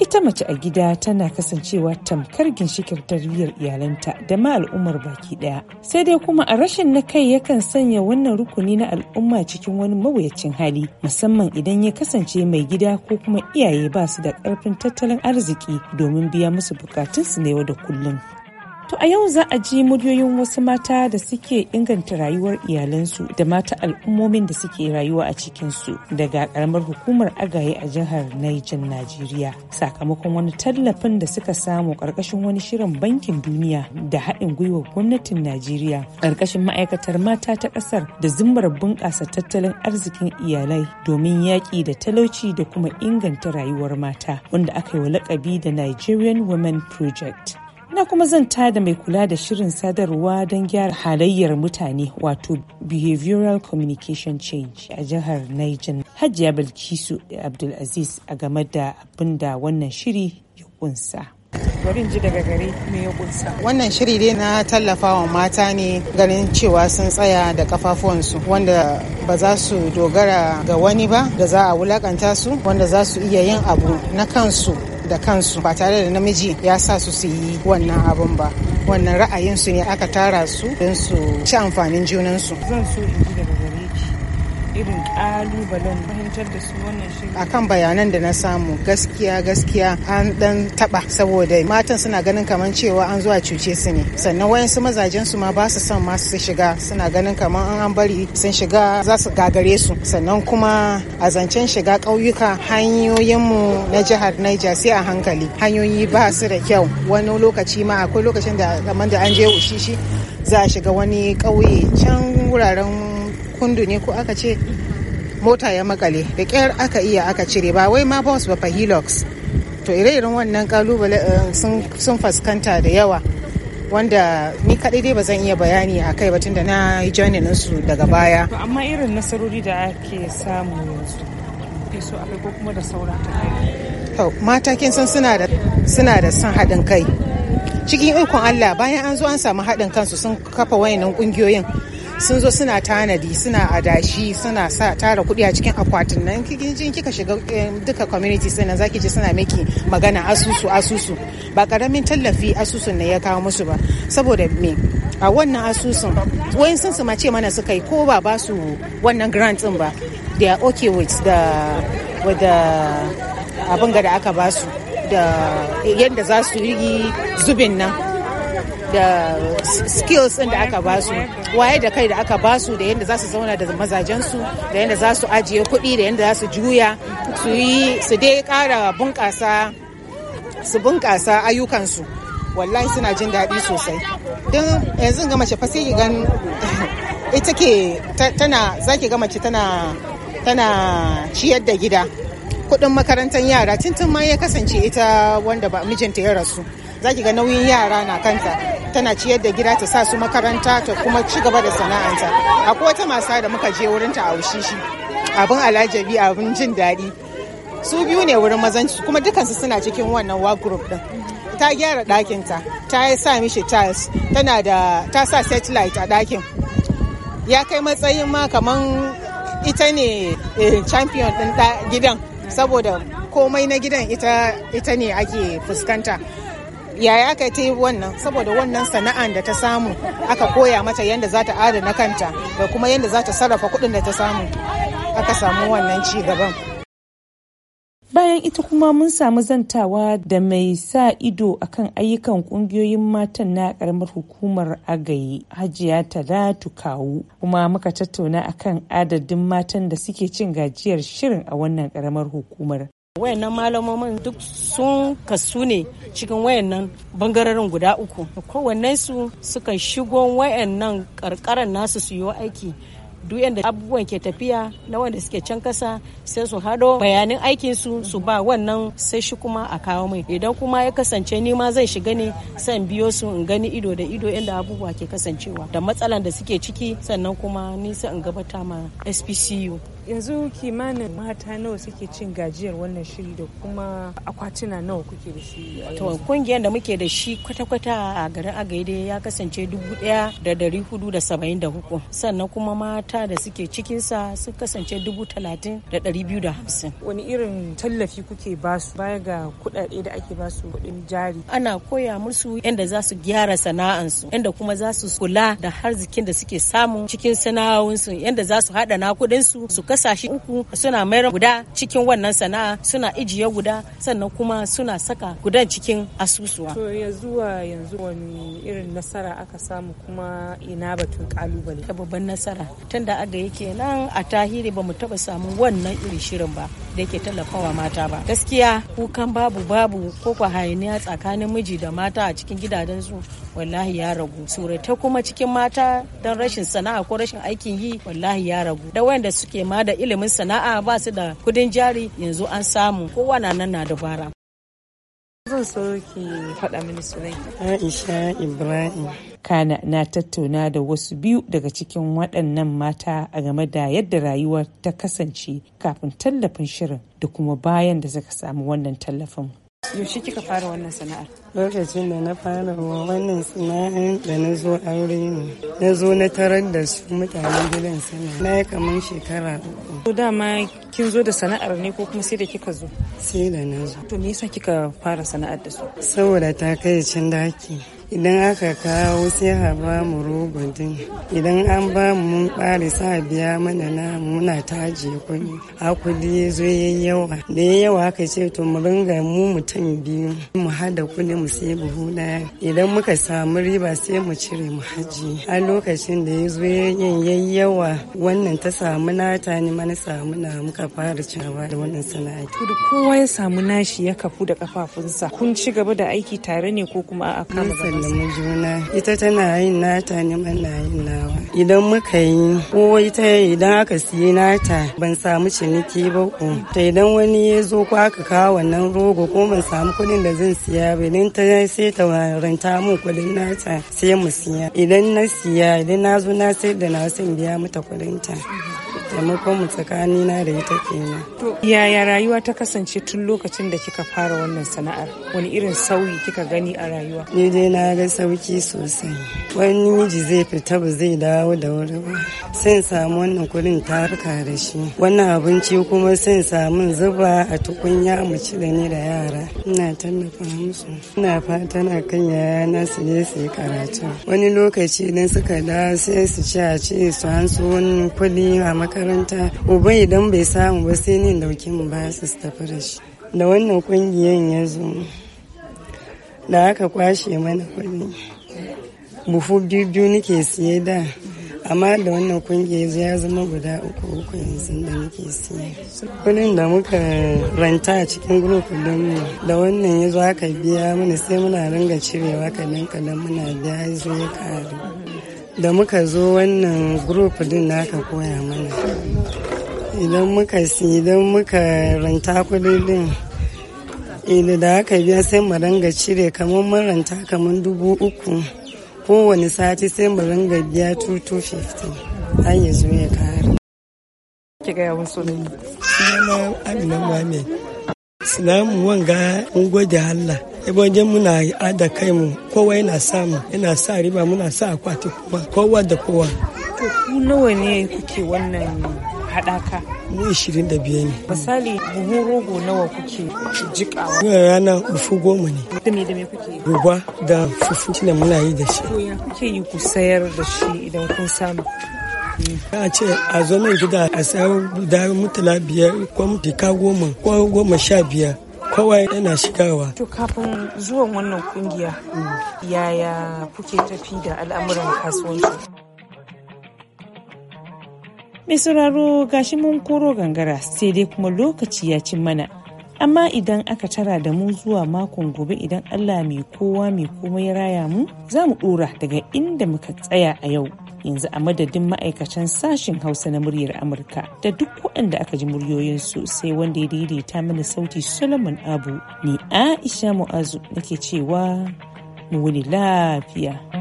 ita mace a gida tana kasancewa tamkar ginshikin tarbiyyar iyalanta da ma al'ummar baki daya sai dai kuma a rashin na kai yakan sanya wannan rukuni na al'umma cikin wani mawuyacin hali musamman idan ya kasance mai gida ko kuma iyaye ba su da karfin tattalin arziki domin biya musu bukatunsu na yau da kullum To a yau za a ji muryoyin wasu mata da suke inganta rayuwar iyalansu da mata al'ummomin da suke rayuwa a cikinsu daga karamar hukumar agaye a jihar Niger Najeriya sakamakon wani tallafin da suka samu karkashin wani shirin bankin duniya da haɗin gwiwar gwamnatin Najeriya karkashin ma'aikatar mata ta ƙasar da zumbar bunƙasa tattalin arzikin iyalai domin yaƙi da talauci da kuma inganta rayuwar mata wanda aka yi wa lakabi da Nigerian Women Project. na kuma zan tada mai kula da shirin sadarwa don gyara halayyar mutane wato behavioral communication change a jihar Niger hajiya bilkisu abdulaziz a game da abin da wannan shiri ya kunsa. bari ji daga gari me ya kunsa wannan shiri dai na tallafa wa mata ne ganin cewa sun tsaya da kafafuwansu wanda ba za su dogara ga wani ba da za a wulakanta su wanda za su iya yin abu na kansu da kansu ba tare da namiji ya sa su su yi wannan abun ba wannan ra'ayinsu ne aka tara su don su ci amfanin junansu zan so in irin kalubalen fahimtar da su wannan shi akan bayanan da na samu gaskiya gaskiya an dan taba saboda matan suna ganin kamar cewa an zuwa cuce su ne sannan wayansu mazajen su ma ba su son ma su shiga suna ganin kamar an an bari sun shiga za su gagare su sannan kuma a zancen shiga ƙauyuka hanyoyinmu na jihar Niger sai a hankali hanyoyi ba su da kyau wani lokaci ma akwai lokacin da kamar da an je ushishi za a shiga wani ƙauye can wuraren kundu ne ko aka ce mota ya makale da kyar aka iya aka cire ba wai ma bus ba fa hilux to ire-iren wannan kalubale eh, sun fuskanta da yawa wanda ni kaɗai dai ba zan iya bayani a kai ba tunda na yi joinin su daga baya amma irin nasarori da ake samu yanzu ke so akai ko kuma da saura ta kai mata kin san suna da suna da haɗin kai cikin ikon Allah bayan an zo an samu haɗin kansu sun kafa wayannan ƙungiyoyin sun zo suna tanadi suna adashi suna sa tara kuɗi a cikin akwatin nan kika shiga eh, duka community nan zaki ji suna miki magana asusu asusu ba karamin tallafi asusun ne ya kawo musu ba saboda me a wannan asusun wayan sun su mace mana suka yi ko ba ba su wannan grant din ba they are okay with the with the abin da aka ba su da yadda za su yi zubin nan da skills ɗin da aka basu waye da kai da aka basu da yadda za su zauna da mazajensu da yadda za su ajiye kuɗi da yadda za su juya su yi su dai ƙara bunƙasa su bunƙasa ayyukansu wallahi suna jin daɗi sosai don yanzu ga mace fa sai gan ita ke tana ki ga mace tana ciyar da gida kuɗin makarantar yara tuntun ma ya kasance ita wanda ba mijinta ya rasu Za ki ga nauyin yara na kanta tana ciyar da gida ta sa su makaranta ta kuma ci gaba da sana'anta akwai wata masa da muka je wurin a wushishi abin alajabi abin jin daɗi su biyu ne wurin mazanci kuma dukansu suna cikin wannan work group din ta gyara ɗakin ta sa mishi tiles tana da ta sa satellite a ɗakin ya kai matsayin ma kaman ita ne eh, champion din gidan saboda komai na gidan ita ne ake fuskanta yaya aka ta yi wannan saboda wannan sana'a da ta samu aka koya mata yadda za ta adana kanta da kuma yadda za ta sarrafa kuɗin da ta samu aka samu wannan ci gaban bayan ita kuma mun samu zantawa da mai sa ido akan ayyukan kungiyoyin matan na karamar hukumar agayi hajiya talatu kawu kuma muka tattauna akan adadin matan da suke cin gajiyar shirin a wannan karamar hukumar wayannan malamomin duk sun kasu ne cikin wayannan bangarorin guda uku wannan su sukan shigo wayannan karkaran nasu su yi aiki duk yadda abubuwan ke tafiya na wanda suke can kasa sai su hado bayanin aikin su su ba wannan sai shi kuma a kawo mai idan kuma ya kasance ni ma zan shiga ne san biyo su in gani ido da ido inda abubuwa ke kasancewa da matsalan da suke ciki sannan kuma ni sai in gabata ma SPCU yanzu kimanin mata nawa suke cin gajiyar wannan shiri da kuma akwatuna nawa kuke da shi to kungiyar da muke da shi kwata-kwata a garin agaide ya kasance dubu daya da dari hudu da saba'in da hudu sannan kuma mata da suke cikinsa sun kasance dubu talatin da dari biyu da hamsin wani irin tallafi kuke basu baya ga kuɗaɗe da ake basu kuɗin jari ana koya musu yadda za su gyara sana'ansu yadda kuma za su kula da harzikin da suke samu cikin sana'o'insu yadda za su haɗa na kudinsu su kasashe uku suna mayar guda cikin wannan sana'a suna ijiye guda sannan kuma suna saka gudan cikin asusuwa to ya zuwa yanzu wani irin nasara aka samu kuma ina batun kalubale ta babban nasara tunda aga yake nan a tahiri mu taba samu wannan irin shirin ba da yake tallafawa mata ba gaskiya kukan babu babu ko kwa hayaniya tsakanin miji da mata a cikin gidajen su wallahi ya ragu ta kuma cikin mata don rashin sana'a ko rashin aikin yi wallahi ya ragu da wayanda suke ma da ilimin sana'a ba su da kudin jari yanzu an samu kowa na nan na dabara zan so ki faɗa mini sunan Aisha Ibrahim Kana na tattauna da wasu biyu daga cikin waɗannan mata a game da yadda rayuwar ta kasance kafin tallafin shirin da kuma bayan da suka samu wannan tallafin Yaushe kika fara wannan sana'ar? Lokacin da na fara wa wannan sana'ar da na zo aure ne. Na zo na tarar da su mutanen gidan sana. Na yi kamar shekara uku. To dama kin zo da sana'ar ne ko kuma sai da kika zo? Sai da na zo. To me yasa kika fara sana'ar da su? Saboda ta kai cin daki. idan aka kawo sai a ba mu rogon idan an ba mu mun sa biya mana na muna taje kuɗi a kudi ya yi yawa da ya yawa aka ce to mu ringa mu mutum biyu mu hada kuɗi mu sai buhu ɗaya idan muka samu riba sai mu cire mu haji a lokacin da ya zo ya yawa wannan ta samu nata ni mana samu na muka fara cewa da wannan sana'a. kowa ya samu nashi ya kafu da kafafunsa kun ci gaba da aiki tare ne ko kuma a kama mu juna ita tana yin nata neman na yin nawa idan muka yi ko ita idan aka siye nata ban samu ciniki ba ko ta idan wani ya zo ko aka kawo wannan rogo ko ban samu kuɗin da zan siya ba idan ta sai ta ranta min kuɗin nata sai mu siya idan na siya idan na zo na sai da na san biya mata kuɗinta. ta taimakon mu tsakanina da ita kenan. To yaya rayuwa ta kasance tun lokacin da kika fara wannan sana'ar? Wani irin sauyi kika gani a rayuwa? Ni dai na ga sauki sosai. Wani miji zai fita ba zai dawo da wuri ba. Sai samu wannan kuɗin ta da shi. Wannan abinci kuma sai samu zuba a tukunya mu ci da ni da yara. Ina tallafa musu. Ina fatan kan yaya na su ne su yi karatu. Wani lokaci idan suka da sai su ci a ci su hansu wani kudi a makaranta. makaranta uba idan bai samu ba sai ne dauke mu baya su tafi da shi da wannan kungiyan ya zo da aka kwashe mana kuɗi bufu biyu nake siye da amma da wannan kungiyar ya zama guda uku uku yanzu da nike siya kudin da muka ranta a cikin grup don mu da wannan ya zo aka biya mana sai muna ringa cirewa kadan kadan muna biya ya zo ya karu da muka zo wannan group din na aka koya mana idan muka si idan muka ranta din idan da aka biya sai mu ranga cire kamar mun ranta kamar dubu uku kowane sati sai mu ranga biya 2250 har ya zo ya kare ki yawan musu ne sunana ne muhammed mu wanga mun allah wajen muna ada kai mu kowa yana samu yana sa riba muna sa akwati kuma kowa da kowa ku nawa ne kuke wannan hadaka mu 25 ne misali buhu rogo nawa kuke jikawa yau rana bufu goma ne da me da me kuke ruba da fufu tunan muna yi da shi ko ya kuke yi ku sayar da shi idan kun samu ya ce a zo nan gida a sayar da mutala biyar ko mutuka goma ko goma sha biyar kawai yana shigawa. To kafin zuwan wannan kungiya yaya kuke tafi da al'amuran kasuwanci? Mai sauraro gashi mun koro gangara sai dai kuma lokaci ya ci mana amma idan aka tara da mu zuwa makon gobe idan allah mai kowa mai komai ya raya mu za mu dora daga inda muka tsaya a yau yanzu a madadin ma'aikatan sashen hausa na muryar amurka da duk waɗanda aka ji muryoyinsu sai wanda ya daidaita mana sauti solomon abu ne aisha mu'azu nake cewa mu wuni lafiya.